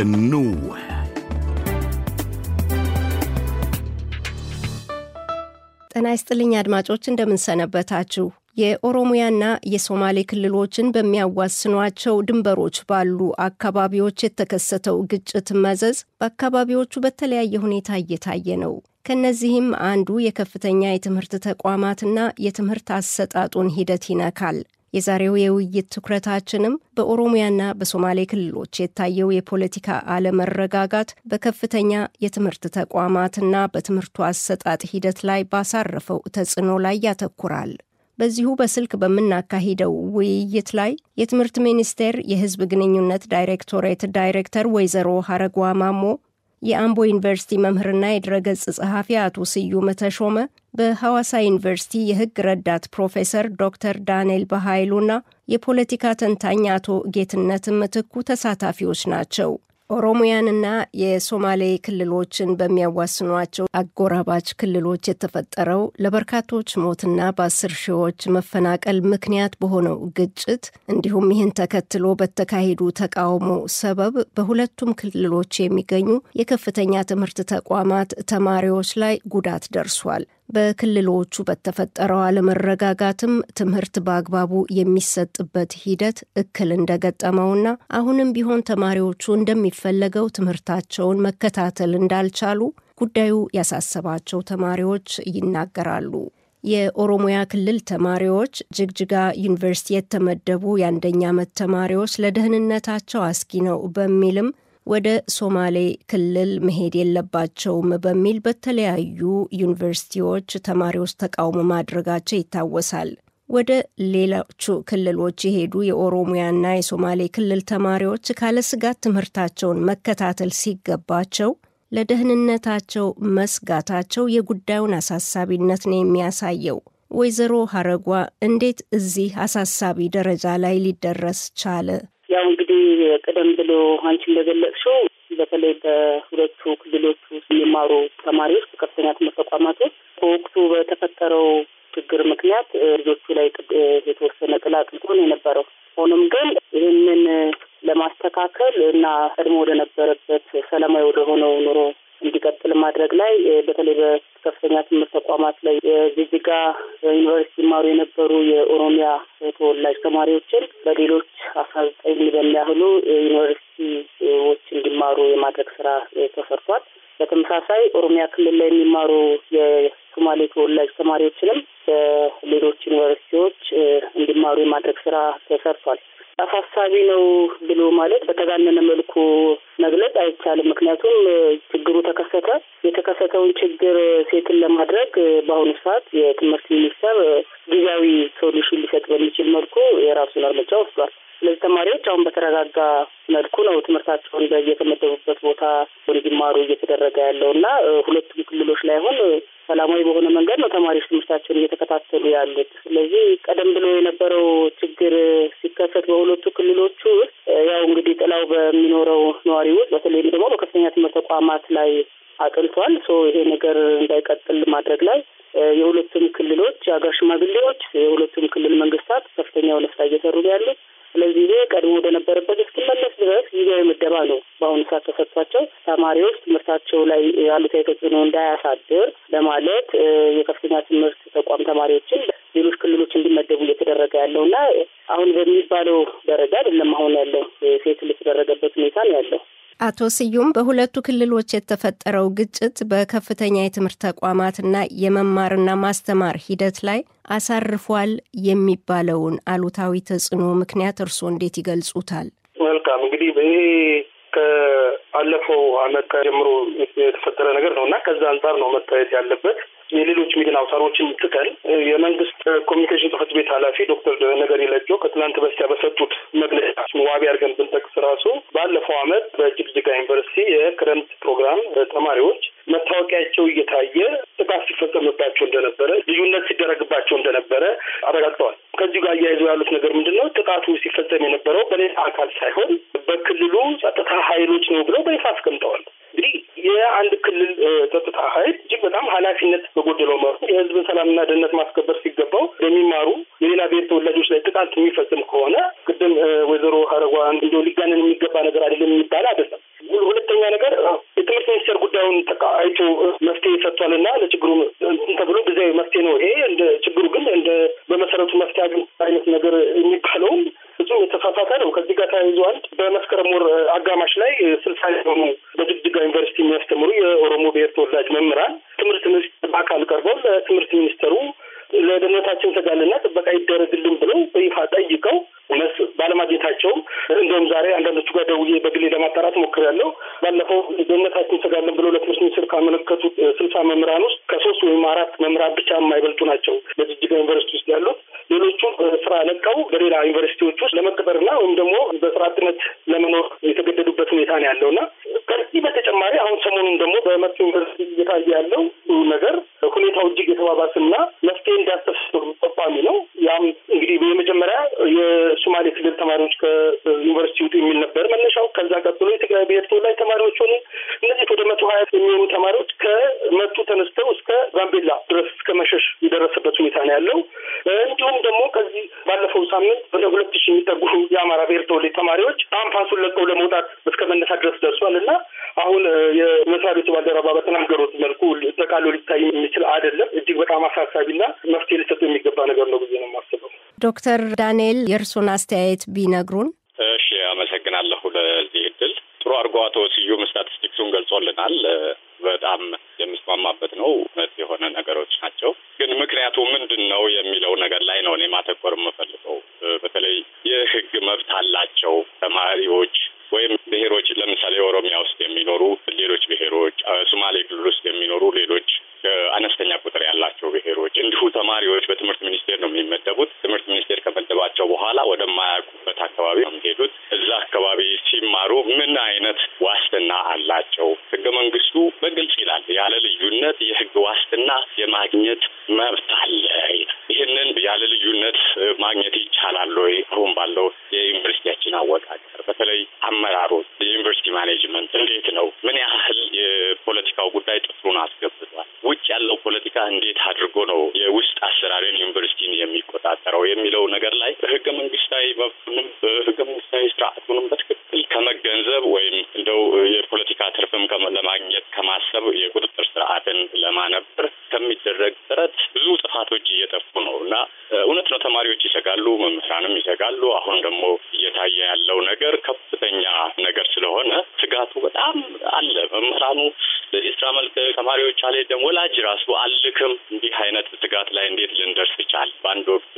እንወያ ጤና ይስጥልኝ አድማጮች እንደምንሰነበታችሁ የኦሮሚያና የሶማሌ ክልሎችን በሚያዋስኗቸው ድንበሮች ባሉ አካባቢዎች የተከሰተው ግጭት መዘዝ በአካባቢዎቹ በተለያየ ሁኔታ እየታየ ነው። ከነዚህም አንዱ የከፍተኛ የትምህርት ተቋማትና የትምህርት አሰጣጡን ሂደት ይነካል። የዛሬው የውይይት ትኩረታችንም በኦሮሚያና በሶማሌ ክልሎች የታየው የፖለቲካ አለመረጋጋት በከፍተኛ የትምህርት ተቋማትና በትምህርቱ አሰጣጥ ሂደት ላይ ባሳረፈው ተጽዕኖ ላይ ያተኩራል። በዚሁ በስልክ በምናካሂደው ውይይት ላይ የትምህርት ሚኒስቴር የሕዝብ ግንኙነት ዳይሬክቶሬት ዳይሬክተር ወይዘሮ ሀረጓ ማሞ የአምቦ ዩኒቨርሲቲ መምህርና የድረገጽ ጸሐፊ አቶ ስዩም ተሾመ በሐዋሳ ዩኒቨርሲቲ የሕግ ረዳት ፕሮፌሰር ዶክተር ዳንኤል በኃይሉና የፖለቲካ ተንታኝ አቶ ጌትነት ምትኩ ተሳታፊዎች ናቸው። ኦሮሚያንና የሶማሌ ክልሎችን በሚያዋስኗቸው አጎራባች ክልሎች የተፈጠረው ለበርካቶች ሞትና በአስር ሺዎች መፈናቀል ምክንያት በሆነው ግጭት እንዲሁም ይህን ተከትሎ በተካሄዱ ተቃውሞ ሰበብ በሁለቱም ክልሎች የሚገኙ የከፍተኛ ትምህርት ተቋማት ተማሪዎች ላይ ጉዳት ደርሷል። በክልሎቹ በተፈጠረው አለመረጋጋትም ትምህርት በአግባቡ የሚሰጥበት ሂደት እክል እንደገጠመውና አሁንም ቢሆን ተማሪዎቹ እንደሚፈለገው ትምህርታቸውን መከታተል እንዳልቻሉ ጉዳዩ ያሳሰባቸው ተማሪዎች ይናገራሉ። የኦሮሚያ ክልል ተማሪዎች ጅግጅጋ ዩኒቨርሲቲ የተመደቡ የአንደኛ ዓመት ተማሪዎች ለደህንነታቸው አስጊ ነው በሚልም ወደ ሶማሌ ክልል መሄድ የለባቸውም በሚል በተለያዩ ዩኒቨርሲቲዎች ተማሪዎች ተቃውሞ ማድረጋቸው ይታወሳል። ወደ ሌሎቹ ክልሎች የሄዱ የኦሮሚያና የሶማሌ ክልል ተማሪዎች ካለ ስጋት ትምህርታቸውን መከታተል ሲገባቸው ለደህንነታቸው መስጋታቸው የጉዳዩን አሳሳቢነት ነው የሚያሳየው። ወይዘሮ ሀረጓ እንዴት እዚህ አሳሳቢ ደረጃ ላይ ሊደረስ ቻለ? ያው እንግዲህ ቀደም ብሎ አንቺ እንደገለጽሽው በተለይ በሁለቱ ክልሎች ውስጥ የሚማሩ ተማሪዎች በከፍተኛ ትምህርት ተቋማት ውስጥ በወቅቱ በተፈጠረው ችግር ምክንያት ልጆቹ ላይ የተወሰነ ጥላ ጥልቆ ነው የነበረው። ሆኖም ግን ይህንን ለማስተካከል እና ቀድሞ ወደነበረበት ሰላማዊ ወደሆነው ኑሮ እንዲቀጥል ማድረግ ላይ በተለይ በከፍተኛ ትምህርት ተቋማት ላይ የጅጅጋ ዩኒቨርሲቲ ይማሩ የነበሩ የኦሮሚያ ተወላጅ ተማሪዎችን በሌሎች አስራ ዘጠኝ በሚያህሉ ዩኒቨርሲቲዎች እንዲማሩ የማድረግ ስራ ተሰርቷል። በተመሳሳይ ኦሮሚያ ክልል ላይ የሚማሩ የሶማሌ ተወላጅ ተማሪዎችንም በሌሎች ዩኒቨርሲቲዎች እንዲማሩ የማድረግ ስራ ተሰርቷል። አሳሳቢ ነው ብሎ ማለት በተጋነነ መልኩ መግለጽ አይቻልም። ምክንያቱም ችግሩ ተከሰተ። የተከሰተውን ችግር ሴትን ለማድረግ በአሁኑ ሰዓት የትምህርት ሚኒስቴር ጊዜያዊ ሶሉሽን ሊሰጥ በሚችል መልኩ የራሱን እርምጃ ወስዷል። ስለዚህ ተማሪዎች አሁን በተረጋጋ መልኩ ነው ትምህርታቸውን በየተመደቡበት ቦታ እንዲማሩ እየተደረገ ያለው እና ሁለቱም ክልሎች ላይ አሁን ሰላማዊ በሆነ መንገድ ነው ተማሪዎች ትምህርታቸውን እየተከታተሉ ያሉት። ስለዚህ ቀደም ብሎ የነበረው ችግር ሲከሰት በሁለቱ ክልሎቹ ውስጥ ያው እንግዲህ ጥላው በሚኖረው ነዋሪ ውስጥ በተለይም ደግሞ በከፍተኛ ትምህርት ተቋማት ላይ አቅልቷል ሶ ይሄ ነገር እንዳይቀጥል ማድረግ ላይ የሁለቱም ክልሎች የሀገር ሽማግሌዎች፣ የሁለቱም ክልል መንግስታት ከፍተኛ የሆነ ስራ እየሰሩ ነው ያሉት። ስለዚህ ይሄ ቀድሞ ወደነበረበት እስኪመለስ ድረስ ጊዜያዊ ምደባ ነው በአሁኑ ሰዓት ተሰጥቷቸው ተማሪዎች ትምህርታቸው ላይ አሉታዊ ተጽዕኖ እንዳያሳድር ለማለት የከፍተኛ ትምህርት ተቋም ተማሪዎችን ሌሎች ክልሎች እንዲመደቡ እየተደረገ ያለው እና አሁን በሚባለው ደረጃ አይደለም አሁን ያለው ሴት የተደረገበት ሁኔታ ነው ያለው። አቶ ስዩም በሁለቱ ክልሎች የተፈጠረው ግጭት በከፍተኛ የትምህርት ተቋማትና የመማርና ማስተማር ሂደት ላይ አሳርፏል የሚባለውን አሉታዊ ተጽዕኖ ምክንያት እርስዎ እንዴት ይገልጹታል? መልካም እንግዲህ ከአለፈው አመት ጀምሮ የተፈጠረ ነገር ነው እና ከዛ አንጻር ነው መታየት ያለበት። የሌሎች ሚዲያ አውታሮችን ትተን የመንግስት ኮሚኒኬሽን ጽህፈት ቤት ኃላፊ ዶክተር ነገሪ ሌንጮ ከትላንት በስቲያ በሰጡት መግለጫ ዋቢ አድርገን ብንጠቅስ ራሱ ባለፈው አመት በጅግጅጋ ዩኒቨርሲቲ የክረምት ፕሮግራም ተማሪዎች መታወቂያቸው እየታየ ጥቃት ሲፈጸምባቸው እንደነበረ፣ ልዩነት ሲደረግባቸው እንደነበረ አረጋግጠዋል። ከዚሁ ጋር እያይዞ ያሉት ነገር ምንድን ነው? ጥቃቱ ሲፈጸም የነበረው በሌላ አካል ሳይሆን በክልሉ ጸጥታ ኃይሎች ነው ብለው በይፋ አስቀምጠዋል። እንግዲህ የአንድ ክልል ጸጥታ ኃይል እጅግ በጣም ኃላፊነት በጎደለው መልኩ የሕዝብን ሰላምና ደህንነት ማስከበር ሲገባው የሚማሩ የሌላ ብሔር ተወላጆች ላይ ጥቃት የሚፈጽም ከሆነ ቅድም ወይዘሮ ሀረጓ እንዲ ሊጋነን የሚገባ ነገር አይደለም የሚባል አይደለም። ሁለተኛ ነገር የትምህርት ሚኒስቴር ጉዳዩን አይቶ መፍትሄ ሰጥቷል እና ለችግሩ ተብሎ ጊዜያዊ መፍትሄ ነው ይሄ። እንደ ችግሩ ግን እንደ በመሰረቱ መፍትሄ ግን አይነት ነገር የሚባለውን ብዙም የተሳሳተ ነው። ከዚህ ጋር ተያይዞ አንድ በመስከረም ወር አጋማሽ ላይ ስልሳ የሆኑ በጅግጅጋ ዩኒቨርሲቲ የሚያስተምሩ የኦሮሞ ብሔር ተወላጅ መምህራን ትምህርት ሚኒስትር በአካል ቀርበው ለትምህርት ሚኒስተሩ ለደህንነታችን ስጋልና ጥበቃ ይደረግልን ብለው በይፋ ጠይቀው ባለማግኘታቸውም እንደውም ዛሬ አንዳንዶቹ ጋር ደውዬ በግሌ ለማጣራት ሞክሬያለሁ። ባለፈው ደህንነታችን ስጋለን ብሎ ለትምህርት ሚኒስትር ካመለከቱ ስልሳ መምህራን ውስጥ ከሶስት ወይም አራት መምህራን ብቻ የማይበልጡ ናቸው በጅጅጋ ዩኒቨርሲቲ ውስጥ ያሉት። ሌሎቹ ስራ ለቀው በሌላ ዩኒቨርሲቲዎች ውስጥ ለመቀጠርና ወይም ደግሞ በስራ አጥነት ለመኖር የተገደዱበት ሁኔታ ነው ያለው ያለውና ከዚህ በተጨማሪ አሁን ሰሞኑን ደግሞ በመርቱ ዩኒቨርሲቲ እየታየ ያለው ነገር ሁኔታው እጅግ የተባባሰና መፍትሄ እንዳስተፍ ጠቋሚ ነው። ያም እንግዲህ የመጀመሪያ የሶማሌ ክልል ተማሪዎች ከዩኒቨርሲቲ ውጡ የሚል ነበር መነሻው። ከዛ ቀጥሎ የትግራይ ብሔር ተወላጅ ተማሪዎች ሆኑ። እነዚህ ወደ መቶ ሀያ የሚሆኑ ተማሪዎች ከመቱ ተነስተው እስከ ጋምቤላ ድረስ እስከ መሸሽ የደረሰበት ሁኔታ ነው ያለው። እንዲሁም ደግሞ ከዚህ ባለፈው ሳምንት ወደ ሁለት ሺህ የሚጠጉ የአማራ ብሔር ተወላጅ ተማሪዎች ካምፓሱን ለቀው ለመውጣት እስከ መነሳት ድረስ ደርሷል እና አሁን የመስሪያ ቤቱ ባልደረባ በተናገሩት መልኩ ጠቃሎ ሊታይ የሚችል አይደለም። እጅግ በጣም አሳሳቢና መፍትሄ ሊሰጡ የሚገባ ነገር ነው ብዬ ነው የማስበው። ዶክተር ዳንኤል የእርሱን አስተያየት ቢነግሩን። እሺ፣ አመሰግናለሁ ለዚህ እድል። ጥሩ አድርጎ አቶ ስዩም ስታቲስቲክሱን ገልጾልናል። በጣም የምስማማበት ነው። እውነት የሆነ ነገሮች ናቸው። ግን ምክንያቱ ምንድን ነው የሚለው ነገር ላይ ነው እኔ ማተኮር የምፈልገው። በተለይ የህግ መብት አላቸው ተማሪዎች ወይም ብሔሮች ለምሳሌ ኦሮሚያ ውስጥ የሚኖሩ ሌሎች ብሔሮች፣ ሶማሌ ክልል ውስጥ የሚኖሩ ሌሎች አነስተኛ ቁጥር ያላቸው ብሔሮች፣ እንዲሁ ተማሪዎች በትምህርት ሚኒስቴር ነው የሚመደቡት። ትምህርት ሚኒስቴር ከመደባቸው በኋላ ወደማያውቁበት አካባቢ ነው የሚሄዱት። እዛ አካባቢ ሲማሩ ምን አይነት ዋስትና አላቸው? ህገ መንግስቱ በግልጽ ይላል ያለ ልዩነት የህግ ዋስትና የማግኘት መብት አለ። ይህንን ያለ ልዩነት ማግኘት ይቻላል ወይ አሁን ባለው የዩኒቨርሲቲያችን አወቃቀር፣ በተለይ አመራሮች፣ የዩኒቨርሲቲ ማኔጅመንት እንዴት ነው? ምን ያህል የፖለቲካው ጉዳይ ጥፍሩን አስገብቷል? ውጭ ያለው ፖለቲካ እንዴት አድርጎ ነው የውስጥ አሰራርን ዩኒቨርሲቲን የሚቆጣጠረው የሚለው ነገር ላይ በህገ መንግስታዊ መብቱንም በህገ መንግስታዊ ስርዓቱንም በትክክል ከመገንዘብ ወይም እንደው የፖለቲካ ትርፍም ለማግኘት ከማሰብ የቁጥጥር ስርዓትን ለማነበር ከሚደረግ ጥረት ብዙ ጥፋቶች እየጠፉ ነው እና እውነት ነው። ተማሪዎች ይሰጋሉ፣ መምህራንም ይሰጋሉ። አሁን ደግሞ እየታየ ያለው ነገር ከፍተኛ ነገር ስለሆነ ስጋቱ በጣም አለ። መምህራኑ ለዚህ ስራ መልክ ተማሪዎች አልሄድም፣ ወላጅ ራሱ አልክም። እንዲህ አይነት ስጋት ላይ እንዴት ልንደርስ ይቻል? በአንድ ወቅት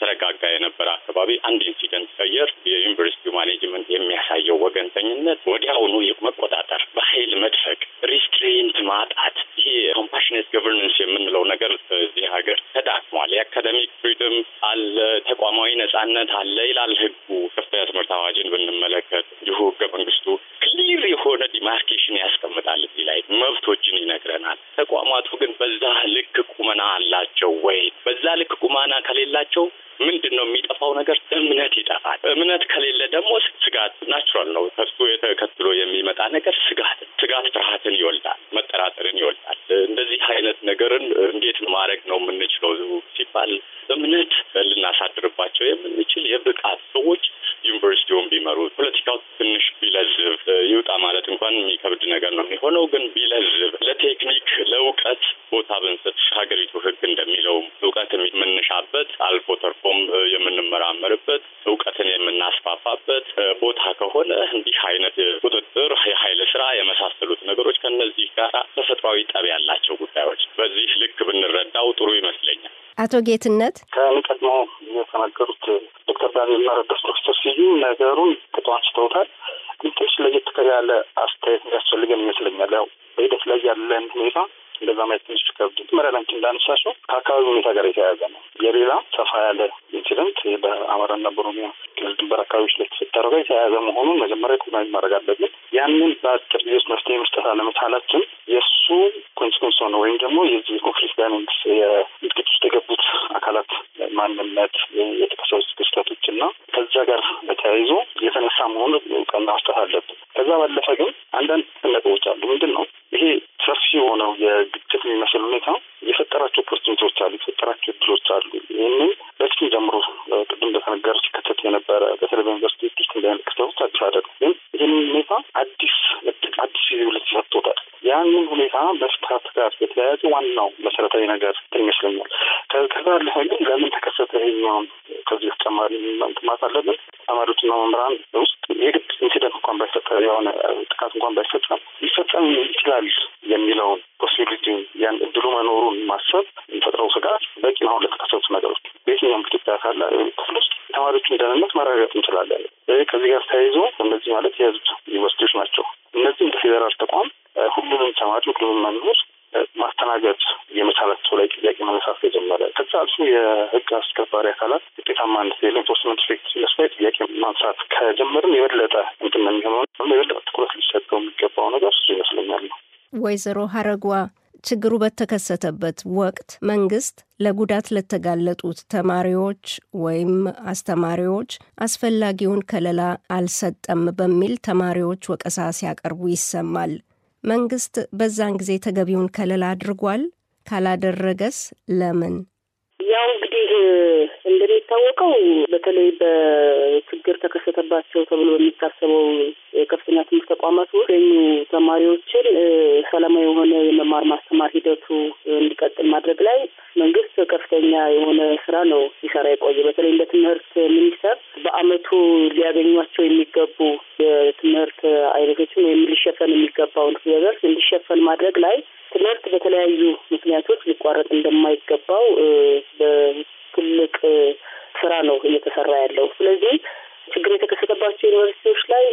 የተረጋጋ የነበረ አካባቢ አንድ ኢንሲደንት ቀየር የዩኒቨርሲቲው ማኔጅመንት የሚያሳየው ወገንተኝነት ወዲያውኑ መቆጣጠር፣ በኃይል መድፈቅ፣ ሪስትሬንት ማጣት ይሄ ኮምፓሽኔት ገቨርነንስ የምንለው ነገር እዚህ ሀገር ተዳክሟል። የአካደሚክ ፍሪደም አለ፣ ተቋማዊ ነጻነት አለ ይላል ህጉ። ከፍተኛ ትምህርት አዋጅን ብንመለከት ይሁ ህገ መንግስቱ ክሊር የሆነ ዲማርኬሽን ያስቀምጣል። እዚህ ላይ መብቶችን ይነግረናል። ተቋማቱ ግን በዛ ልክ ቁመና አላቸው ማና ከሌላቸው ምንድን ነው የሚጠፋው ነገር? እምነት ይጠፋል። እምነት ከሌለ ደግሞ ስጋት ናቹራል ነው። ከሱ ተከትሎ የሚመጣ ነገር ስጋት፣ ስጋት ፍርሃትን ይወልዳል፣ መጠራጠርን ይወልዳል። እንደዚህ አይነት ነገርን እንዴት ማድረግ ነው የምንችለው ሲባል እምነት ልናሳድርባቸው የምንችል የብቃት ሰዎች ቢለዝብ ይውጣ ማለት እንኳን የሚከብድ ነገር ነው የሚሆነው። ግን ቢለዝብ ለቴክኒክ ለእውቀት ቦታ ብንሰጥ ሀገሪቱ ሕግ እንደሚለው እውቀት የምንሻበት አልፎ ተርፎም የምንመራመርበት እውቀትን የምናስፋፋበት ቦታ ከሆነ እንዲህ አይነት ቁጥጥር፣ የኃይል ስራ የመሳሰሉት ነገሮች ከነዚህ ጋር ተፈጥሯዊ ጠብ ያላቸው ጉዳዮች በዚህ ልክ ብንረዳው ጥሩ ይመስለኛል። አቶ ጌትነት ከምቀድሞ የተናገሩት ዶክተር ዳንኤል መረደስ ዶክተር ስዩ ነገሩን ቅጡ አንስተውታል። dan sosial ማንኛውም ከዚህ ተጨማሪ እንትን ማለት አለብን። ተማሪዎችና መምህራን ውስጥ የግድ ኢንሲደንት እንኳን ባይፈጠር የሆነ ጥቃት እንኳን ባይፈጸም ሊፈጸም ይችላል የሚለውን ፖሲቢሊቲ ያን እድሉ መኖሩን ማሰብ የሚፈጥረው ስጋት በቂ ነው። አሁን ለተከሰቱ ነገሮች በየትኛውም ኢትዮጵያ ካለ ክፍል ውስጥ ተማሪዎችን ደህንነት መረጋገጥ እንችላለን። ከዚህ ጋር ተያይዞ እነዚህ ማለት የህዝብ ዩኒቨርሲቲዎች ናቸው። እነዚህ እንደ ፌዴራል ተቋም ሁሉንም ተማሪ ሁሉንም መምህር ማስተናገድ የመቻላቸው ላይ ጥያቄ መነሳት የጀመረ ከዛ አልፎ የህግ አስከባሪ አካላት ውጤታማ አንድ የኢንፎርስመንት ፌክት ለሱ ላይ ጥያቄ ማንሳት ከጀመርን የበለጠ እንትን ነው የሚሆነው። የበለጠ ትኩረት ሊሰጠው የሚገባው ነገር እሱ ይመስለኛል ነው። ወይዘሮ ሀረጓ ችግሩ በተከሰተበት ወቅት መንግስት ለጉዳት ለተጋለጡት ተማሪዎች ወይም አስተማሪዎች አስፈላጊውን ከለላ አልሰጠም በሚል ተማሪዎች ወቀሳ ሲያቀርቡ ይሰማል። መንግስት በዛን ጊዜ ተገቢውን ከለላ አድርጓል? ካላደረገስ ለምን? ያው እንግዲህ እንደሚታወቀው በተለይ በችግር ተከሰተባቸው ተብሎ የሚታሰበው የከፍተኛ ትምህርት ተቋማት ውስጥ ገኙ ተማሪዎችን ሰላማዊ የሆነ የመማር ማስተማር ሂደቱ እንዲቀጥል ማድረግ ላይ መንግስት ከፍተኛ የሆነ ስራ ነው ሲሰራ የቆየ። በተለይ እንደ ትምህርት ሚኒስቴር በአመቱ ሊያገኟቸው የሚገቡ የትምህርት አይነቶችን ወይም ሊሸፈን የሚገባውን ነገር እንዲሸፈን ማድረግ ላይ ትምህርት በተለያዩ ምክንያቶች ሊቋረጥ እንደማይገባው በትልቅ ስራ ነው እየተሰራ ያለው። ስለዚህ ችግር የተከሰተባቸው ዩኒቨርሲቲዎች ላይ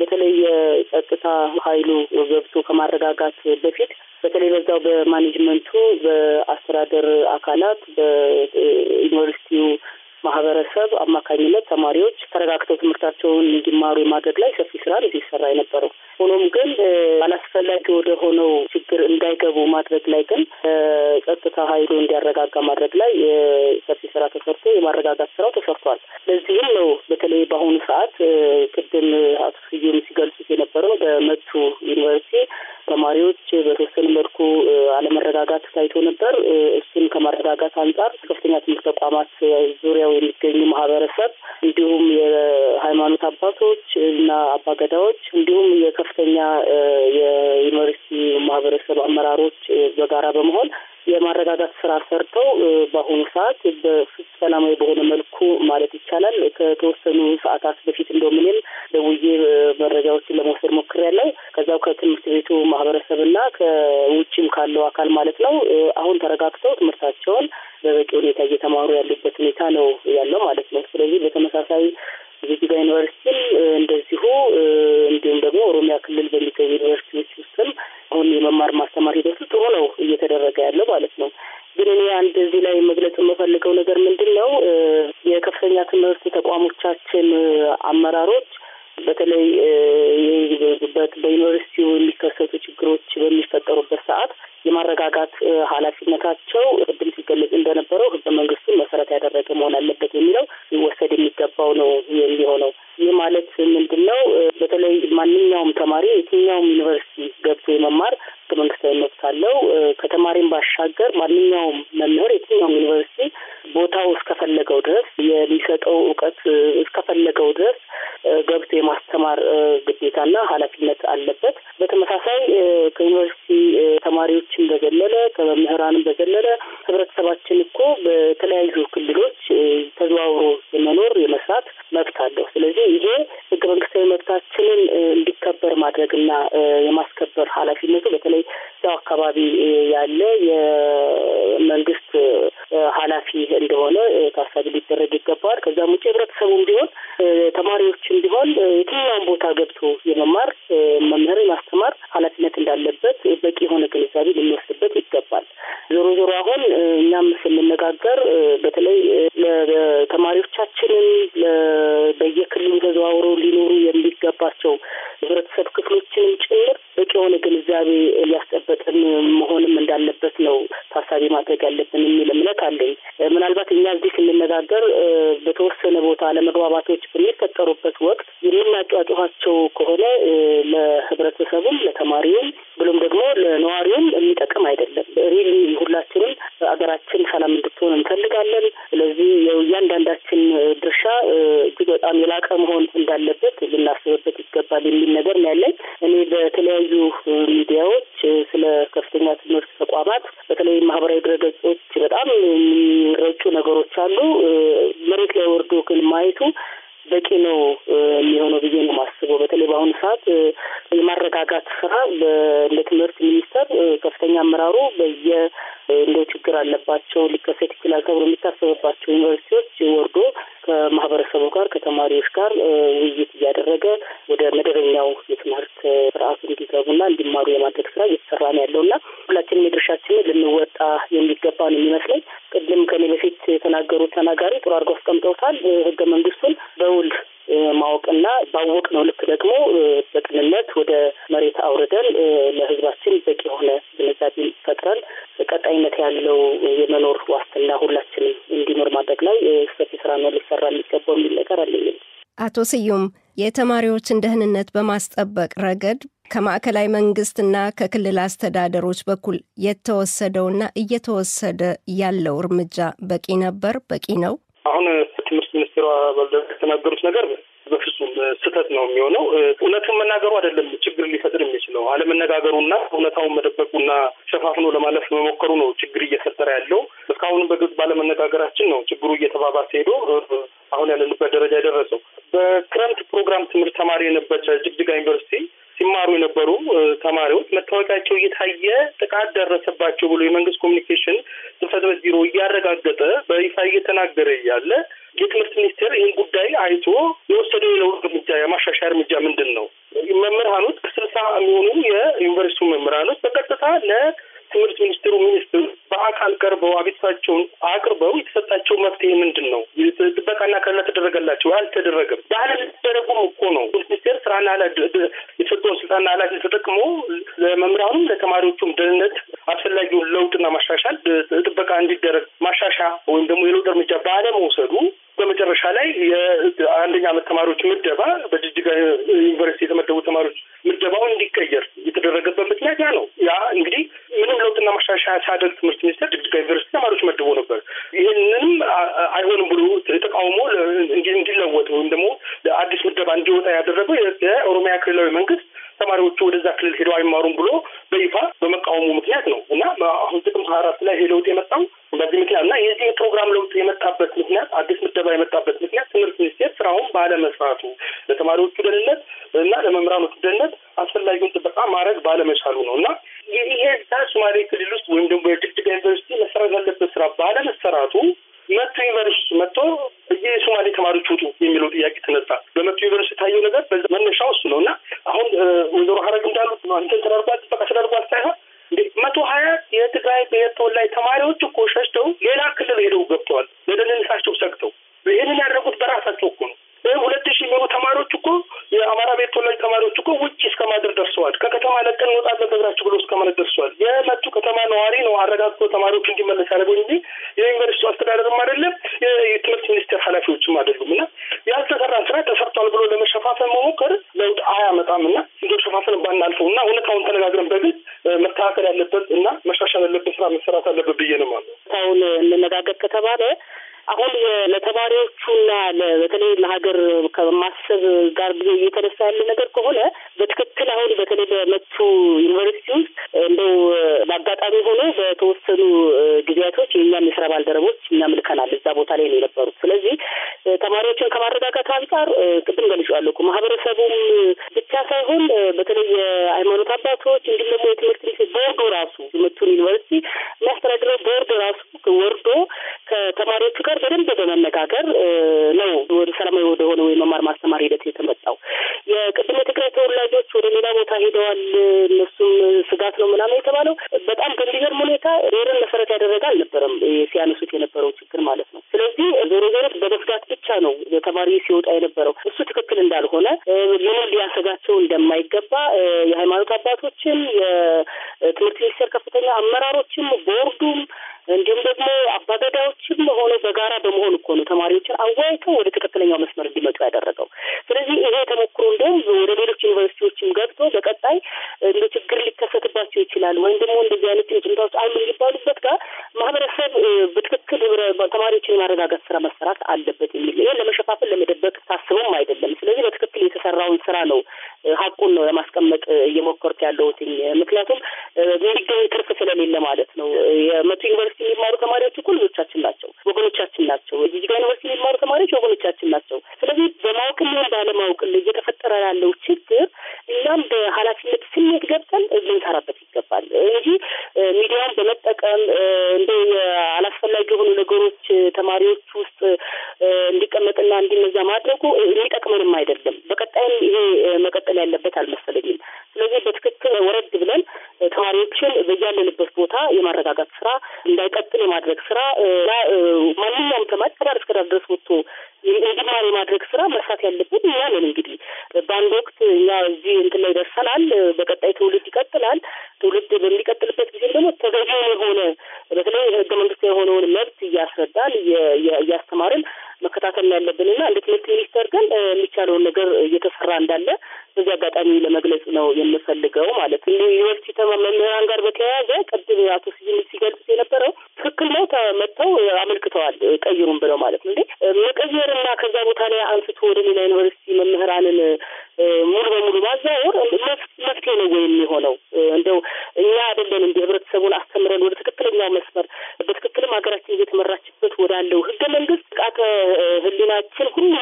በተለይ የጸጥታ ኃይሉ ገብቶ ከማረጋጋት በፊት በተለይ በዛው በማኔጅመንቱ፣ በአስተዳደር አካላት፣ በዩኒቨርሲቲው ማህበረሰብ አማካኝነት ተማሪዎች ተረጋግተው ትምህርታቸውን እንዲማሩ የማድረግ ላይ ሰፊ ስራ ነው ሲሰራ የነበረው። ሆኖም ግን አላስፈላጊ ወደ ሆነው ችግር እንዳይገቡ ማድረግ ላይ ግን ጸጥታ ኃይሉ እንዲያረጋጋ ማድረግ ላይ ሰፊ ስራ ተሰርቶ የማረጋጋት ስራው ተሰርቷል። ለዚህም ነው በተለይ በአሁኑ ሰዓት ቅድም አቶ ስዩም ሲገልጹት የነበረው በመቱ ዩኒቨርሲቲ ተማሪዎች በተወሰነ መልኩ አለመረጋጋት ታይቶ ነበር። እሱን ከማረጋጋት አንጻር ከፍተኛ ትምህርት ተቋማት ዙሪያው የሚገኙ ማህበረሰብ እንዲሁም የሃይማኖት አባቶች እና አባገዳዎች እንዲሁም የከፍተኛ የዩኒቨርሲቲ ማህበረሰብ አመራሮች በጋራ በመሆን የማረጋጋት ስራ ሰርተው በአሁኑ ሰዓት ሰላማዊ በሆነ መልኩ ማለት ይቻላል ከተወሰኑ ሰዓታት በፊት እንደውም እኔም ደውዬ መረጃዎችን ለመውሰድ ሞክሬያለሁ። ከዛው ከትምህርት ቤቱ ማህበረሰብና ከውጭም ካለው አካል ማለት ነው። አሁን ተረጋግተው ትምህርታቸውን በበቂ ሁኔታ እየተማሩ ያሉበት ሁኔታ ነው ያለው ማለት ነው። ስለዚህ በተመሳሳይ ጅጅጋ ዩኒቨርሲቲም እንደዚሁ እንዲሁም ደግሞ ኦሮሚያ ክልል በሚገኙ ዩኒቨርሲቲዎች የመማር ማስተማር ሂደቱ ጥሩ ነው እየተደረገ ያለው ማለት ነው። ግን እኔ አንድ እዚህ ላይ መግለጽ የምፈልገው ነገር ምንድን ነው የከፍተኛ ትምህርት ተቋሞቻችን አመራሮች በተለይ በዩኒቨርሲቲው የሚከሰቱ ችግሮች በሚፈጠሩበት ሰዓት የማረጋጋት ኃላፊነታቸው ቅድም ሲገለጽ እንደነበረው ህገ መንግስቱን መሰረት ያደረገ መሆን አለበት የሚለው ሊወሰድ የሚገባው ነው የሚሆነው። ይህ ማለት ምንድን ነው? በተለይ ማንኛውም ተማሪ የትኛውም ዩኒቨርሲቲ ገብቶ የመማር መንግስታዊ መብት አለው። ከተማሪም ባሻገር ማንኛውም መምህር የትኛውም ዩኒቨርሲቲ ቦታው እስከፈለገው ድረስ የሚሰጠው እውቀት እስከፈለገው ድረስ ገብቶ የማስተማር ግዴታና ኃላፊነት አለበት። በተመሳሳይ ከዩኒቨርሲቲ ተማሪዎችን በዘለለ ከመምህራንም በዘለለ ህብረተሰባችን እኮ በተለያዩ ይገባል የሚል ነገር ነው ያለ። ባወቅ ነው ልክ ደግሞ በቅንነት ወደ መሬት አውርደን ለህዝባችን በቂ የሆነ ግንዛቤ ፈጥረን ቀጣይነት ያለው የመኖር ዋስትና ሁላችንም እንዲኖር ማድረግ ላይ ሰፊ ስራ ነው ሊሰራ የሚገባው የሚል ነገር አለኝ። አቶ ስዩም የተማሪዎችን ደህንነት በማስጠበቅ ረገድ ከማዕከላዊ መንግስትና ከክልል አስተዳደሮች በኩል የተወሰደውና እየተወሰደ ያለው እርምጃ በቂ ነበር? በቂ ነው? አሁን ትምህርት ሚኒስቴሯ የተናገሩት ነገር ስህተት ነው የሚሆነው። እውነትን መናገሩ አይደለም ችግር ሊፈጥር የሚችለው አለመነጋገሩና እውነታውን መደበቁና ሸፋፍኖ ለማለፍ መሞከሩ ነው ችግር እየፈጠረ ያለው። እስካሁንም በግልጽ ባለመነጋገራችን ነው ችግሩ እየተባባሰ ሄዶ አሁን ያለንበት ደረጃ የደረሰው። በክረምት ፕሮግራም ትምህርት ተማሪ የነበረ ጅግጅጋ ዩኒቨርሲቲ ሲማሩ የነበሩ ተማሪዎች መታወቂያቸው እየታየ ጥቃት ደረሰባቸው ብሎ የመንግስት ኮሚኒኬሽን ጽሕፈት ቤት ቢሮ እያረጋገጠ በይፋ እየተናገረ እያለ የትምህርት ሚኒስቴር ይህን ጉዳይ አይቶ የወሰደው የለውጥ እርምጃ የማሻሻያ እርምጃ ምንድን ነው? መምህራኖች ስልሳ የሚሆኑ የዩኒቨርሲቲ መምህራኖች በቀጥታ ለትምህርት ሚኒስትሩ ሚኒስትር በአካል ቀርበው አቤቱታቸውን አቅርበው የተሰጣቸው መፍትሄ ምንድን ነው? ጥበቃና ከለላ ተደረገላቸው? አልተደረገም። ባለመደረጉም እኮ ነው ትምህርት ሚኒስቴር ስራና የተሰጠውን ስልጣና ኃላፊነት ተጠቅሞ ለመምህራኑም ለተማሪዎቹም ደህንነት አስፈላጊውን ለውጥና ማሻሻል ጥበቃ እንዲደረግ ማሻሻ ወይም ደግሞ የለውጥ እርምጃ ባለመውሰዱ በመጨረሻ ላይ የአንደኛ ዓመት ተማሪዎች ምደባ በጅጅጋ ዩኒቨርሲቲ የተመደቡ ተማሪዎች ምደባው እንዲቀየር የተደረገበት ምክንያት ያ ነው። ያ እንግዲህ ምንም ለውጥና ማሻሻያ ሳያደርግ ትምህርት ሚኒስቴር ጅጅጋ ዩኒቨርሲቲ ተማሪዎች መድቦ ነበር። ይህንንም አይሆንም ብሎ ተቃውሞ እንዲለወጥ ወይም ደግሞ አዲስ ምደባ እንዲወጣ ያደረገው የኦሮሚያ ክልላዊ መንግስት ተማሪዎቹ ወደዛ ክልል ሄደው አይማሩም ብሎ በይፋ በመቃወሙ ምክንያት ነው እና አሁን ጥቅምት አራት ላይ ይሄ ለውጥ የመጣው በዚህ ምክንያት እና የዚህ የፕሮግራም ለውጥ የመጣበት ምክንያት አዲስ ምደባ የመጣበት ምክንያት ትምህርት ሚኒስቴር ስራውን ባለመስራቱ ለተማሪዎቹ ደህንነት እና ለመምህራኖቹ ደህንነት አስፈላጊውን ጥበቃ ማድረግ ባለመቻሉ ነው እና ይሄ ዛ ሶማሌ ክልል ውስጥ ወይም ደግሞ የድግድጋ ዩኒቨርሲቲ መሰራት ያለበት ስራ ባለመሰራቱ መቱ ዩኒቨርሲቲ መጥቶ የሶማሌ ተማሪዎች ውጡ የሚለው ጥያቄ ተነሳ። በመቱ ዩኒቨርሲቲ የታየው ነገር መነሻው እሱ ነው እና አሁን ወይዘሮ ሀረግ እንዳሉት እንትን ተደርጓል፣ ጥበቃ ተደርጓል ሳይሆን የተወላጅ ተማሪዎች እኮ ሸሽተው ሌላ ክልል ሄደው ገብተዋል። ለደህንነታቸው ሰግተው ይህንን ያደረጉት በራሳቸው እኮ ነው። ሁለት ሺህ የሚሆኑ ተማሪዎች እኮ የአማራ ቤት ተወላጅ ተማሪዎች እኮ ውጭ እስከ ማደር ደርሰዋል። ከከተማ ለቀን እንወጣለን በእግራቸው ብሎ እስከ ማለት ደርሰዋል። የመጡ ከተማ ነዋሪ ነው አረጋግጦ ተማሪዎች እንዲመለስ ያደረገው እንጂ የዩኒቨርሲቲ አስተዳደርም አይደለም የትምህርት ሚኒስቴር ኃላፊዎችም አይደሉም። እና ያልተሰራ ስራ ተሰርቷል ብሎ ለመሸፋፈን መሞከር ለውጥ አያመጣም እና እንደው ሸፋፈን ባናልፈው እና እውነታውን ተነጋግረን በግልጽ መስተካከል ያለበት እና መሻሻል ያለበት ስራ መሰራት አለበት ብዬ ነው ማለት። አሁን እንነጋገር ከተባለ አሁን ለተማሪዎቹና በተለይ ለሀገር ከማሰብ ጋር ብዙ እየተነሳ ያለ ነገር ከሆነ በትክክል አሁን በተለይ በመቱ ዩኒቨርሲቲ ውስጥ እንደው በአጋጣሚ ሆኖ በተወሰኑ ጊዜያቶች የእኛም የስራ ባልደረቦች እኛም ልከናል እዛ ቦታ ላይ ነው የነበሩት። ስለዚህ ተማሪዎችን ከማረጋጋት አንጻር ቅድም ገልጫዋለሁ እኮ ማህበረሰቡም ብቻ ሳይሆን በተለይ የሃይማኖት አባቶች እንዲሁም ደግሞ የትምህርት ሚኒስቴር ቦርዱ ራሱ መቱን ዩኒቨርሲቲ የሚያስተዳድረው ቦርድ ራሱ ወርዶ ከተማሪዎቹ ጋር በደንብ በመነጋገር ነው ወደ ሰላማዊ ሆነ ወይ መማር ማስተማር ሂደት የተመጣው። የቅድመ ትግራይ ተወላጆች ወደ ሌላ ቦታ ሄደዋል፣ እነሱም ስጋት ነው ምናምን የተባለው በጣም በሚገርም ሁኔታ ሬርን መሰረት ያደረገ አልነበረም ሲያነሱት የነበረው ችግር ማለት ነው። ስለዚህ ዞሮ ዞሮ በመስጋት ብቻ ነው ተማሪ ሲወጣ የነበረው። እሱ ትክክል እንዳልሆነ ምንም ሊያሰጋቸው እንደማይገባ የሃይማኖት አባቶችም የትምህርት ሚኒስቴር ከፍተኛ አመራሮችም ቦርዱም እንዲሁም ደግሞ አባገዳዎችም ሆኖ በጋራ በመሆን እኮ ነው ተማሪዎችን አዋይተው ወደ ትክክለኛው መስመር እንዲመጡ ያደረገው። ስለዚህ ይሄ ተሞክሮ እንደውም ወደ ሌሎች ዩኒቨርሲቲዎችም ገብቶ በቀጣይ እንደ ችግር ሊከሰትባቸው ይችላል ወይም ደግሞ እንደዚህ አይነት ጭምጭምታዎች አሉ የሚባሉበት ጋር ማህበረሰብ በትክክል ተማሪዎችን የማረጋገጥ ስራ መሰራት አለበት የሚል ይህን ለመሸፋፍን ለመደበቅ ታስቦም አይደለም። ስለዚህ በትክክል የተሰራውን ስራ ነው ሀቁን ነው ለማስቀመጥ እየሞከርኩ ያለውት ምክንያቱም የሚገኝ ትርፍ ስለሌለ ማለት ነው። የመቶ ዩኒቨርሲቲ የሚማሩ ተማሪዎች እኮ ልጆቻችን ናቸው፣ ወገኖቻችን ናቸው። የጅጅጋ ዩኒቨርሲቲ የሚማሩ ተማሪዎች ወገኖቻችን ናቸው። ስለዚህ በማወቅ ሊሆን ባለማወቅ እየተፈጠረ ያለው ችግር እኛም በኃላፊነት ስሜት ገብተን ልንሰራበት ይገባል እንጂ ሚዲያን በመጠቀም እንደ አላስፈላጊ የሆኑ ነገሮች ተማሪዎች ውስጥ እንዲቀመጥና እንዲነዛ ማድረጉ የሚጠቅመንም አይደለም። በቀጣይም ይሄ መቀጠል ያለበት አልመሰለኝም። ስለዚህ በትክክል ወረድ ብለን ተማሪዎችን በያለንበት ቦታ የማረጋጋት ስራ እንዳይቀጥል የማድረግ ስራ ማንኛውም ተማሪ ከዳር እስከ ዳር ድረስ ወጥቶ እንዲማር የማድረግ ስራ መስራት ያለብን እኛ ነን። እንግዲህ በአንድ ወቅት እኛ እዚህ እንትን ላይ ደርሰናል። በቀጣይ ትውልድ ይቀጥላል። ትውልድ በሚቀጥልበት ጊዜም ደግሞ ተገቢውን የሆነ በተለይ ህገ መንግስት የሆነውን መብት እያስረዳል እያስተማርን መከታተል ያለብን እና እንደ ትምህርት ሚኒስቴር ግን የሚቻለውን ነገር እየተሰራ እንዳለ በዚህ አጋጣሚ ለመግለጽ ነው የምፈልገው። ማለት እንዲሁ ዩኒቨርሲቲ መምህራን ጋር በተያያዘ ቅድም አቶ ስዩም ሲገልጽ የነበረው ትክክል ነው። መጥተው አመልክተዋል፣ ቀይሩም ብለው ማለት ነው። እንዴ መቀየርና ከዛ ቦታ ላይ አንስቶ ወደ ሌላ ዩኒቨርሲቲ መምህራንን ሙሉ በሙሉ ማዛወር መፍትሄ ነው ወይ የሚሆነው? እንደው እኛ አይደለን እንዲ ህብረተሰቡን አስተምረን ወደ ትክክለኛው መስመር በትክክልም ሀገራችን እየተመራችበት ወዳለው ህገ መንግስት ንቃተ ህሊናችን ሁሉም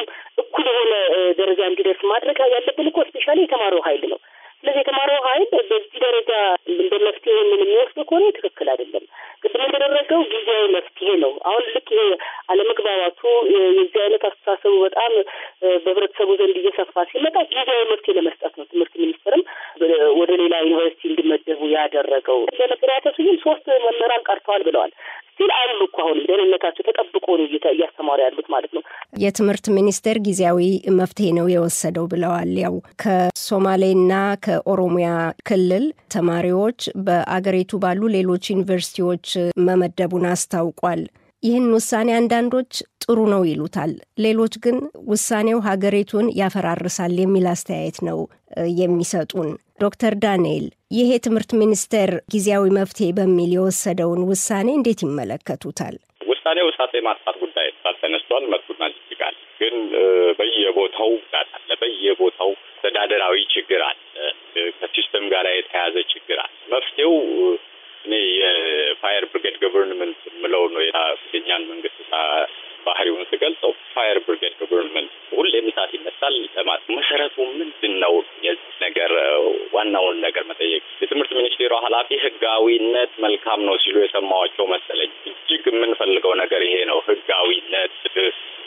እኩል የሆነ ደረጃ እንዲደርስ ማድረግ ያለብን እኮ ስፔሻሊ የተማረው ሀይል ነው። ስለዚህ የተማረው ሀይል በዚህ ደረጃ እንደ መፍትሄ ምን የሚወስድ ከሆነ ትክክል አይደለም። ቅድም የተደረገው ጊዜያዊ መፍትሄ ነው። አሁን ልክ ይሄ አለመግባባቱ የዚህ አይነት አስተሳሰቡ በጣም በህብረተሰቡ ዘንድ እየሰፋ ሲመጣ ጊዜያዊ መፍትሄ ለመስጠት ነው ትምህርት ሚኒስትርም ወደ ሌላ ዩኒቨርሲቲ እንዲመደቡ ያደረገው። ለመገናያተሱ ግን ሶስት መምህራን ቀርተዋል ብለዋል። ሲል አሉ እኮ አሁንም ደህንነታቸው ተጠብቆ ነው እያስተማሩ ያሉት ማለት ነው። የትምህርት ሚኒስቴር ጊዜያዊ መፍትሄ ነው የወሰደው ብለዋል። ያው ከሶማሌና ከኦሮሚያ ክልል ተማሪዎች በአገሪቱ ባሉ ሌሎች ዩኒቨርሲቲዎች መመደቡን አስታውቋል። ይህን ውሳኔ አንዳንዶች ጥሩ ነው ይሉታል። ሌሎች ግን ውሳኔው ሀገሪቱን ያፈራርሳል የሚል አስተያየት ነው የሚሰጡን። ዶክተር ዳንኤል ይሄ ትምህርት ሚኒስቴር ጊዜያዊ መፍትሄ በሚል የወሰደውን ውሳኔ እንዴት ይመለከቱታል? ውሳኔው እሳት የማጥፋት ጉዳይ ተነስቷል። መብቱን ይችጋል ግን በየቦታው ጉዳት አለ። በየቦታው አስተዳደራዊ ችግር አለ። ከሲስተም ጋር የተያያዘ ችግር አለ። መፍትሄው እኔ የፋየር ብርጌድ ገቨርንመንት የምለው ነው የኛን መንግስት ባህሪውን ስገልጸው ፋየር ብርጌድ ገቨርንመንት ሁሌ ምሳት ይነሳል፣ ለማ መሰረቱ ምንድን ነው? የዚህ ነገር ዋናውን ነገር መጠየቅ። የትምህርት ሚኒስቴሩ ሀላፊ ህጋዊነት መልካም ነው ሲሉ የሰማዋቸው መሰለኝ። እጅግ የምንፈልገው ነገር ይሄ ነው፣ ህጋዊነት።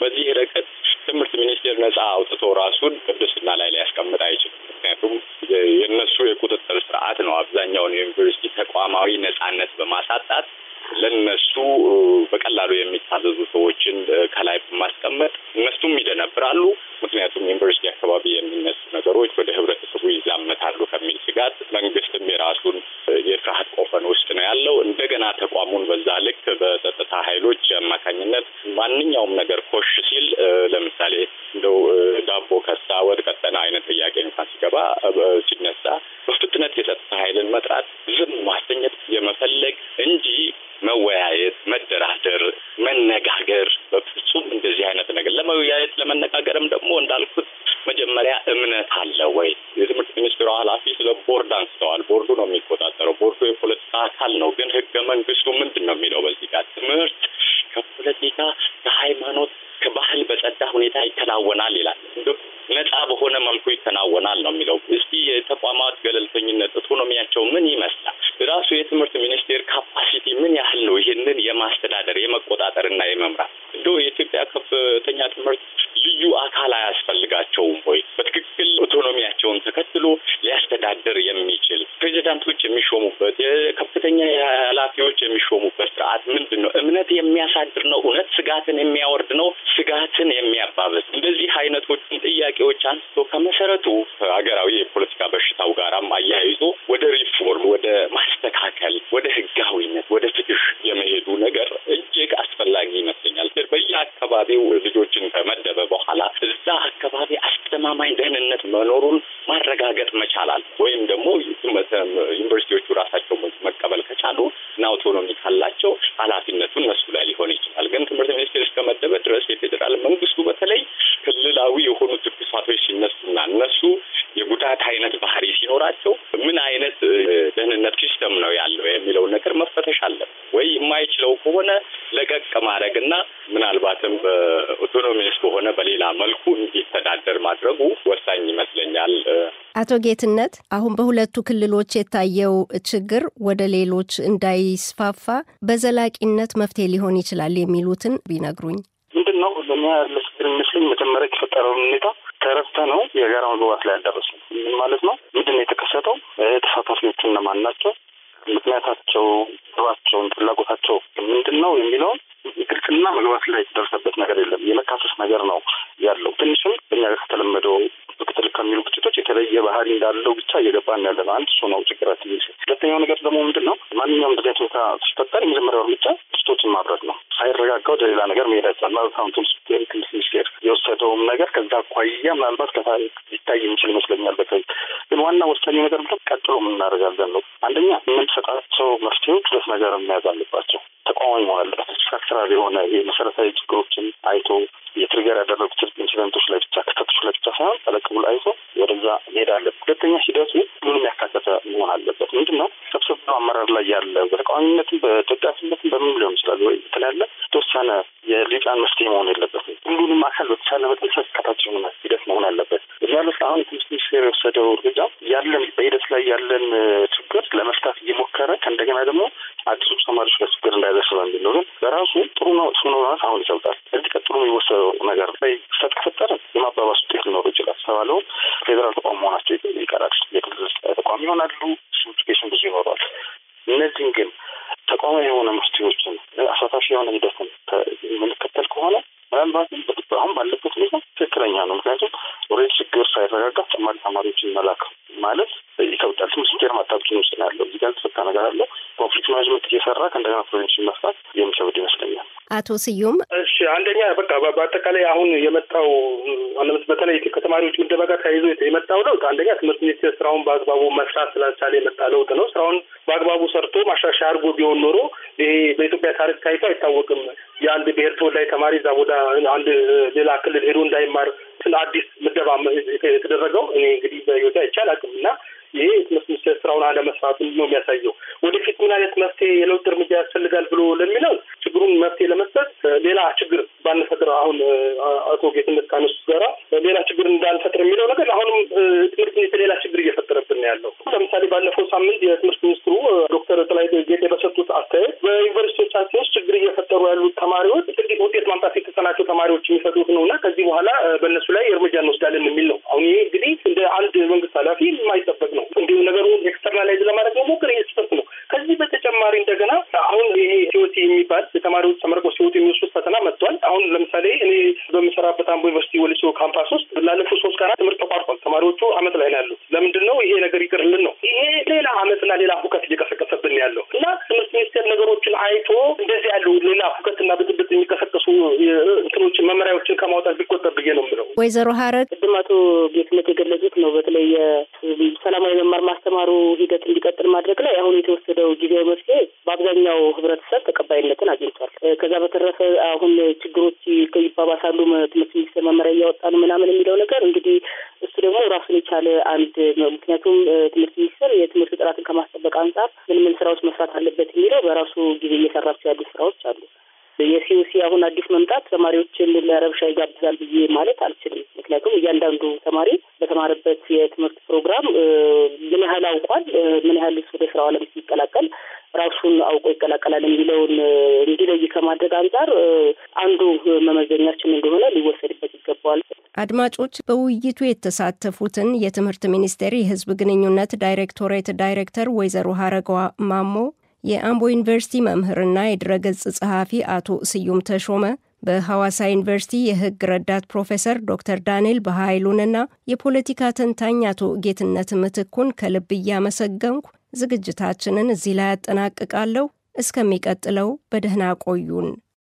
በዚህ ረገድ ትምህርት ሚኒስቴር ነጻ አውጥቶ ራሱን ቅዱስና ላይ ሊያስቀምጥ አይችልም። ምክንያቱም የእነሱ የቁጥጥር ስርዓት ነው አብዛኛውን የዩኒቨርሲቲ ተቋማዊ ነጻነት በማሳጣት ለነሱ በቀላሉ የሚታዘዙ ሰዎችን ከላይ በማስቀመጥ እነሱም ይደነብራሉ። ምክንያቱም ዩኒቨርሲቲ አካባቢ የሚነሱ ነገሮች ወደ ህብረት ሚኒስቴር ካፓሲቲ ምን ያህል ነው? ይሄንን የማስተዳደር የመቆጣጠር እና የመምራት እንዶ የኢትዮጵያ ከፍተኛ ትምህርት ልዩ አካል አያስፈልጋቸውም ወይ? በትክክል ኦቶኖሚያቸውን ተከትሎ ሊያስተዳድር የሚችል ፕሬዚዳንቶች የሚሾሙበት የከፍተኛ ኃላፊዎች የሚሾሙበት ስርዓት ምንድን ነው? እምነት የሚያሳድር ነው? እውነት ስጋትን የሚያወርድ ነው? ስጋትን የሚያባብስ እንደዚህ አይነቶችን ጥያቄዎች አንስቶ ከመሰረቱ ሀገራዊ የፖለቲካ በሽታው ጋራም አያይዞ ወደ ሪፎርም፣ ወደ ማስተካከል፣ ወደ ህጋዊነት ወደ ፍትህ የመሄዱ ነገር እጅግ አስፈላጊ ይመስለኛል። በየአካባቢው ልጆችን ከመደበ በኋላ እዛ አካባቢ አስተማማኝ ደህንነት መኖሩን ማረጋገጥ መቻላል ወይም ደግሞ ዩኒቨርሲቲዎቹ ራሳቸው መቀበል ከቻሉ እና አውቶኖሚ ካላቸው ኃላፊነቱ እነሱ ላይ ሊሆን ይችላል። ግን ትምህርት ሚኒስቴር እስከመደበ ድረስ የፌዴራል መንግስቱ በተለይ ክልላዊ የሆኑ ትኩሳቶች ሲነሱና እነሱ የጉዳት አይነት ባህሪ ሲኖራቸው ምን አይነት ደህንነት ሲስተም ነው ያለው የሚለውን ነገር መፈተሽ አለ ወይ የማይችለው ከሆነ ለቀቅ ማድረግና ምናልባትም በኦቶኖሚስ ከሆነ በሌላ መልኩ እንዲተዳደር ማድረጉ ወሳኝ ይመስለኛል። አቶ ጌትነት አሁን በሁለቱ ክልሎች የታየው ችግር ወደ ሌሎች እንዳይስፋፋ በዘላቂነት መፍትሄ ሊሆን ይችላል የሚሉትን ቢነግሩኝ ምንድን ነው? በእኛ ያለ ችግር መጀመሪያ የተፈጠረውን ሁኔታ ተረስተ ነው የጋራ መግባት ላይ ያደረሱ ማለት ነው? ምንድን ነው የተከሰተው? ተሳታፊዎቹ እነማን ናቸው? ምክንያታቸው፣ ግባቸውን፣ ፍላጎታቸው ምንድን ነው የሚለውን ግልጽና መግባት ላይ የተደረሰበት ነገር የለም። የመካሰስ ነገር ነው ያለው። ትንሽም በኛ ጋር ከተለመደው ምክትል ከሚሉ ግጭቶች የተለየ ባህሪ እንዳለው ብቻ እየገባን ያለ ነው። አንድ እሱ ነው ችግራችን። ሁለተኛው ነገር ደግሞ ምንድን ነው ማንኛውም ጊዜ ሁኔታ ሲፈጠር የመጀመሪያው እርምጃ ግጭቶችን ማብረድ ነው። ሳይረጋጋ ወደ ሌላ ነገር መሄድ አይቻልም። ማለታም ትንሽ ትንሽ ትንሽ የሚኖረውም ነገር ከዛ አኳያ ምናልባት ከታሪክ ሊታይ የሚችል ይመስለኛል። በተለይ ግን ዋና ወሳኝ ነገር ብለ ቀጥሎ የምናደርጋለን ነው። አንደኛ የምንሰጣቸው መፍትሄዎች ሁለት ነገር መያዝ አለባቸው። ተቃዋሚ መሆን አለበት። ስትራክቸራል የሆነ የመሰረታዊ ችግሮችን አይቶ የትሪገር ያደረጉት ኢንሲደንቶች ላይ ብቻ ክተቶች ላይ ብቻ ሳይሆን ጠለቅ ብሎ አይቶ ወደዛ ሄዳ አለበት። ሁለተኛ ሂደቱ ሁሉንም ያካተተ መሆን አለበት። ምንድን ነው ሰብሰብ አመራር ላይ ያለ በተቃዋሚነትም በደጋፊነትም በምን ሊሆን ይችላል ወይ እንትን ያለ የተወሰነ የልሂቃን መፍትሄ መሆን የለበትም። ሁሉንም አካል በተቻለ መጠን ሳካታች የሆነ ሂደት መሆን አለበት። ለስ አሁን ትምህርት የወሰደው እርምጃ ያለን በሂደት ላይ ያለን ችግር ለመፍታት እየሞከረ ከእንደገና ደግሞ አዲሶች ተማሪዎች ላይ ችግር እንዳይደርስ በሚል ነው። ግን በራሱ ጥሩ ነው ጥሩ ነው ማለት አሁን ይሰልጣል እዚህ ቀጥሎ የሚወሰደው ነገር ላይ ክስተት ከፈጠረ የማባባስ ውጤት ሊኖሩ ይችላል ተባለውም ፌዴራል ተቋም መሆናቸው ይቀራል። የክልል ተቋም ይሆናሉ። ኢዱኬሽን ብዙ ይኖረዋል። እነዚህን ግን ተቋማዊ የሆነ መፍትሄዎችን አሳታፊ የሆነ አቶ ስዩም? እሺ አንደኛ በቃ በአጠቃላይ አሁን የመጣው በተለይ ከተማሪዎች ምደባ ጋር ተያይዞ የመጣው ለውጥ አንደኛ ትምህርት ሚኒስቴር ስራውን በአግባቡ መስራት ስላልቻለ የመጣ ለውጥ ነው። ስራውን በአግባቡ ሰርቶ ማሻሻያ አድርጎ ቢሆን ኖሮ ይሄ በኢትዮጵያ ታሪክ ታይቶ አይታወቅም። የአንድ ብሔር ተወላጅ ተማሪ እዛ ቦታ አንድ ሌላ ክልል ሄዶ እንዳይማር ስለ አዲስ ምደባ የተደረገው እኔ እንግዲህ በህይወቴ አይቼ አላውቅም እና ይሄ ትምህርት ሚኒስቴር ስራውን አለመስራቱ ነው የሚያሳየው። ወደፊት ምን አይነት መፍትሄ የለውጥ እርምጃ ያስፈልጋል ብሎ ለሚለው ችግሩን መፍትሄ ለመስጠት ሌላ ችግር ባንፈጥር አሁን አቶ ጌትነት ካነሱት ጋራ ሌላ ችግር እንዳንፈጥር የሚለው ነገር አሁንም ትምህርት ሚኒስትር ሌላ ችግር እየፈጠረብን ያለው ለምሳሌ ባለፈው ሳምንት የትምህርት ሚኒስትሩ ዶክተር ጥላይ ጌጤ በሰጡት አስተያየት በዩኒቨርሲቲዎቻችን ውስጥ ችግር እየፈጠሩ ያሉት ተማሪዎች ጥቂት ውጤት ማምጣት የተሰናቸው ተማሪዎች የሚፈጥሩት ነው እና ከዚህ በኋላ በእነሱ ላይ እርምጃ እንወስዳለን የሚል ነው። አሁን ይህ እንግዲህ እንደ አንድ መንግስት ኃላፊ የማይጠበቅ ነው። እንዲሁ ነገሩ ኤክስተርናላይዝ ለማድረግ መሞከር ይህ ነው። ከዚህ በተጨማሪ እንደገና አሁን ይሄ ሲወቲ የሚባል የተማሪዎች ተመርቆ ሲወጡ የሚወስዱት ፈተና መጥቷል። አሁን ለምሳሌ እኔ በምሰራበት አምቦ ዩኒቨርሲቲ ወሊሶ ካምፓስ ውስጥ ላለፉት ሶስት ቀናት ትምህርት ተቋርጧል። ተማሪዎቹ አመት ላይ ነው ያሉት። ለምንድን ነው ይሄ ነገር ይቅርልን ነው ይሄ ሌላ አመትና ሌላ ሁከት እየቀሰቀሰብን ያለው እና ትምህርት ሚኒስቴር ነገሮችን አይቶ እንደዚህ ያሉ ሌላ ሁከትና ብጥብጥ የሚቀሰቀሱ እንትኖችን መመሪያዎችን ከማውጣት ቢቆጠር ብዬ ነው የምለው። ወይዘሮ ሀረግ ቅድም አቶ ጌትነት የገለጹት ነው። በተለይ ሰላማዊ መማር ማስተማሩ ሂደት እንዲቀጥል ማድረግ ላይ አሁን የተወሰደው ጊዜያዊ መፍትሄ በአብዛኛው ህብረተሰብ ተቀባይነትን አግኝቷል። ከዛ በተረፈ አሁን ችግሮች ይባባሳሉ፣ ትምህርት ሚኒስቴር መመሪያ እያወጣ ነው ምናምን የሚለው ነገር እንግዲህ እሱ ደግሞ ራሱን የቻለ አንድ ነው። ምክንያቱም ትምህርት ሚኒስቴር የትምህርት ጥራትን ከማስጠበቅ አንጻር ምን ምን ስራዎች መስራት አለበት የሚለው በራሱ ጊዜ እየሰራቸው ያሉ ስራዎች አሉ። የሲዩሲ አሁን አዲስ መምጣት ተማሪዎችን ለረብሻ ይጋብዛል ብዬ ማለት አልችልም። ምክንያቱም እያንዳንዱ ተማሪ በተማረበት የትምህርት ፕሮግራም ምን ያህል አውቋል፣ ምን ያህል ወደ ስራው ዓለም ሲቀላቀል ራሱን አውቆ ይቀላቀላል የሚለውን እንዲለይ ከማድረግ አንጻር አንዱ መመዘኛችን እንደሆነ ሊወሰድበት ይገባዋል። አድማጮች በውይይቱ የተሳተፉትን የትምህርት ሚኒስቴር የህዝብ ግንኙነት ዳይሬክቶሬት ዳይሬክተር ወይዘሮ ሀረጓ ማሞ፣ የአምቦ ዩኒቨርሲቲ መምህርና የድረገጽ ጸሐፊ አቶ ስዩም ተሾመ በሐዋሳ ዩኒቨርሲቲ የሕግ ረዳት ፕሮፌሰር ዶክተር ዳንኤል በኃይሉንና የፖለቲካ ተንታኝ አቶ ጌትነት ምትኩን ከልብ እያመሰገንኩ ዝግጅታችንን እዚህ ላይ አጠናቅቃለሁ። እስከሚቀጥለው በደህና ቆዩን።